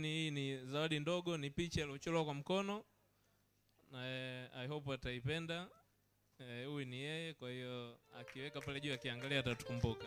Hii ni zawadi ndogo, ni picha iliyochorwa kwa mkono na eh, I hope ataipenda. Eh, huyu eh, ni yeye, kwa hiyo akiweka pale juu akiangalia atatukumbuka.